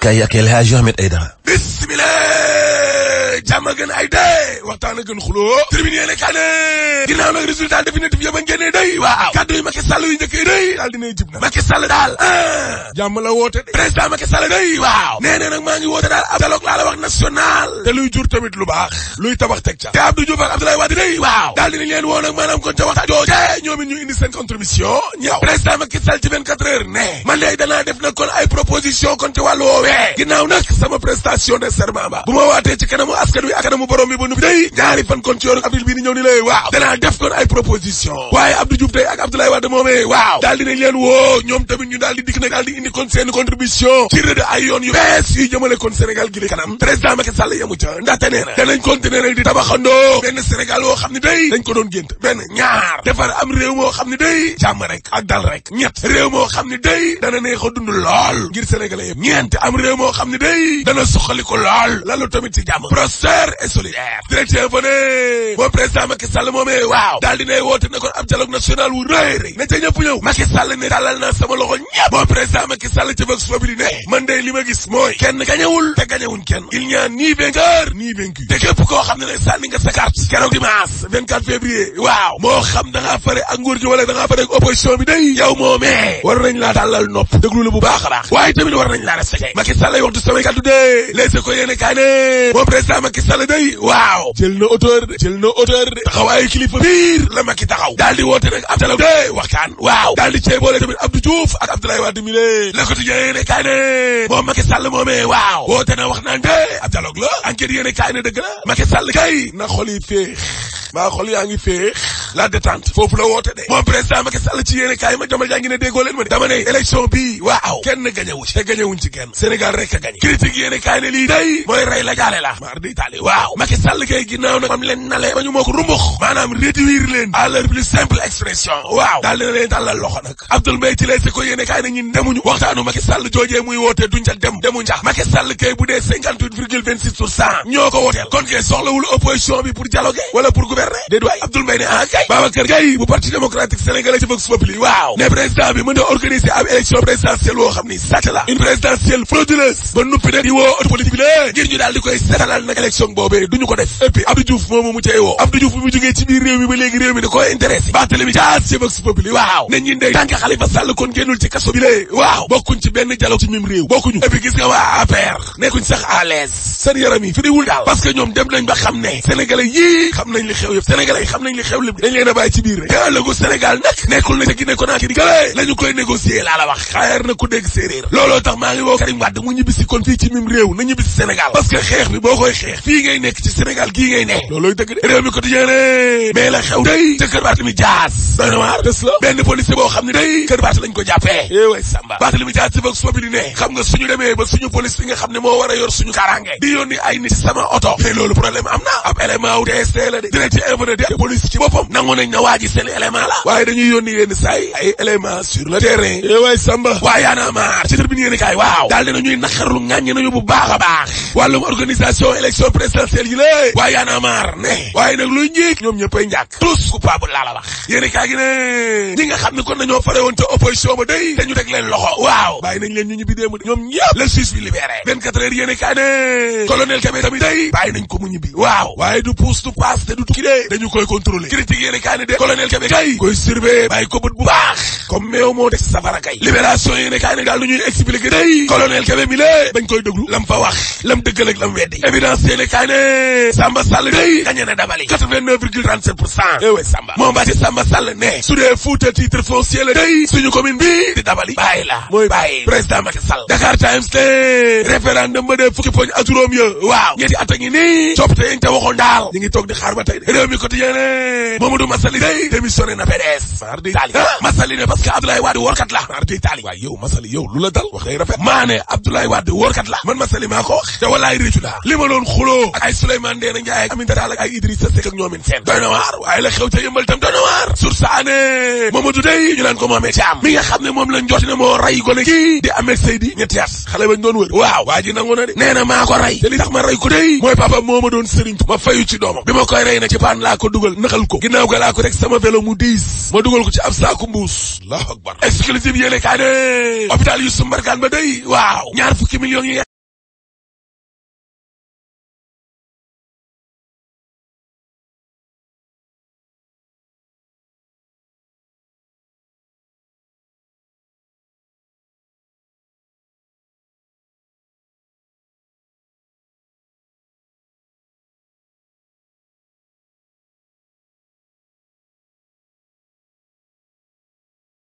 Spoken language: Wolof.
kay ak elhaj ahmed aidara bismillah jàmm gën ay dee waxtaan a gën xuloo tribune yéene kaa ne ginnaaw nag résultat définitif yëpp a ngénne day waaw kàddu yi Macky Sall daal dinay jib na Macky Sall daal ah. jàmm la woote de président Macky Sall day waaw nee na maa ngi woote daal ab dialogue laa la wax national te luy jur tamit lu baax luy tabax teg ca te Abdou Diouf ak Abdoulaye waaw daal nañ leen woo ñoom tamit ñu daal di dikk nag daal di indi kon seen contribution ci rëdd ay yoon yu bees yu jëmale kon Sénégal gi di kanam président Macky Sall yamu ca ndaxte nee na danañ continuer nag di tabaxandoo benn Sénégal woo xam ne day dañ ko doon gént benn ñaar defar am réew moo xam ne day jàmm rek ak dal rek xam ne day dana neex a dund lool ngir Sénégalais yëpp ñeent am réew moo xam ne day dana suqali ko lool lalo tamit ci jàmm prospère et solidaire directeur fa ne moom président Macky Sall moomee waaw daal di ne woote na kon ab dialogue national wu rëy rëy na ca ñëpp ñëw Macky Sall ne tàllal naa sama loxo ñëpp moom président Macky Sall ci Vox Populi ne man de li ma gis mooy kenn gañewul te gañewuñ kenn il n'y a ni vainqueur ni vaincu te képp xam ne ne sànni nga sa carte keroog dimanche 24 waaw moo xam da ngaa fare ak nguur gi wala da ngaa fare ak opposition bi day yow moomee war nañ laa tàllal nopp déglu la bu baax a baax waaye tamit war nañ laa respecté Macky Sall ay waxtu samay kàddu de les ko yéene kaa ne cee boole tamit Abdou Diouf ak Abdoulaye Wade mi le la Quotidien na wax naan de ab dialogue la enquête yéene kaay ne dëgg la na xol yi féex maa xol yaa wax la détente foofu la woote moom président Macky Sall ci yéene kaay ma jamal jaa ngi ne déggoo leen a gañe Sall kay bu dee cinquante huit virgule vingt six pour ñoo ko wooteel kon kay soxlawul opposition bi pour dialoguer wala pour gouverner déedwaay Abdoul Mbaye ne ah kay Babacar Gaye bu parti démocratique sénégalais ci Vox Populi waaw ne président bi mën na organiser ab élection présidentielle woo xam ni sàcc la une présidentielle frauduleuse ba nuppi nag di woo auto politique bi mu cey woo Abdou Diouf mu jógee ci biir réew mi ba léegi réew mi da koy intéressé Barthélémy Dias ci Vox Populi waaw ne ñi ndey tànk Khalifa kon génnul ci kaso bi waaw bokkuñ ci benn dialogue ci mim réew bokkuñu et gis nga waa APR ne sénégalais yii xam nañ li dañ leen a bàyyi ci biir rek ëllëgu Sénégal nag nekkul na ca Guinée Conakry gale la ñu koy négocier laa la wax xaar na ku dégg séeréer looloo tax maa ngi woo Karim Wade mu ñibbisi kon fii ci mim réew na ñibbisi Sénégal parce que xeex bi boo koy xeex fii ngay nekk ci Sénégal gii ngay nekk loolooy dëgg de réew mi quotidien mais la xew day ca kër Barthélémy Dias danawaa des la benn policier boo xam ne day kër Barthélémy lañ ko jàppee é eh way Samba Barthélémy Dias ci Vox Populi ne xam nga suñu demee ba suñu police bi nga xam ne moo war a yor suñu karange di yónni ay nit sama oto mais loolu problème am na ab élément wu DST la de direct info de police ci boppam nangu a na waa ji seen élément la yenn saay ay élément sur le terrain é eh waay samba waa yaana maar ci tribune yéen kaay waaw daal dina ñuy naqarlu ŋàññi nañu bu baax a baax wàllum organisation élection présidentielle yi lée waa yaana maar ne waaye nag luy njiig ñoom ñëppay njàkk tous coupable laa la wax yéen kaay gi ne ñi nga xam ne kon dañoo fare woon te opposition ba day dañu teg leen loxo waaw bàyyi nañ leen ñu ñu waaw waaye du pousse yéene kaay ne de colonel Kébé kay koy surveiller bàyyi ko bët bu baax comme méew moo teg safara kay libération yéene kaay ne daal lu ñuy expliqué day colonel Kébé mi lée dañ koy déglu lam fa wax lam dëggal ak lam weddi évidence yéene kaay ne Samba Sall day gañe na dabali 89,37 pour cent éwe eh Samba moom Mbacke Samba Sall ne su dee Fouta titre foncier la day suñu commune bi di Dakar Times ne référendum ba dee fukki poñ ak juróom waaw ñetti at a ngi nii coppite yañ daal ñu ngi di xaar ba tey de réew mi quotidien ne Mamadou Massali day démissionné na PDS parce que Abdoulaye Wade wóorkat la maar day taali waaye yow Massaly yow lu la dal wax day rafet maa ne Abdoulaye Wade wóorkat la man Massaly maa ko wax te wallaay réccu naa li ma doon xuloo ak ay Souleymane Ndéné Ndiaye ak Aminata Tall ak ay Idrissa Seck ak ñoomin seen doy waaye la xew ca yëmbal tam doy na waar sur saane Mamadou day ñu naan ko caam mi nga xam ne moom la jot ne moo ray gone kii di ameeg Seydi ñetti at xale bañ doon wër ma rey ko ko dugal naxal ko ginnaaw ga laa ko rek sama vélo ko ci allahu akbar exclusive yéene kaay ne hôpital Youssou Mbargane ba day waaw ñaar fukki millions yi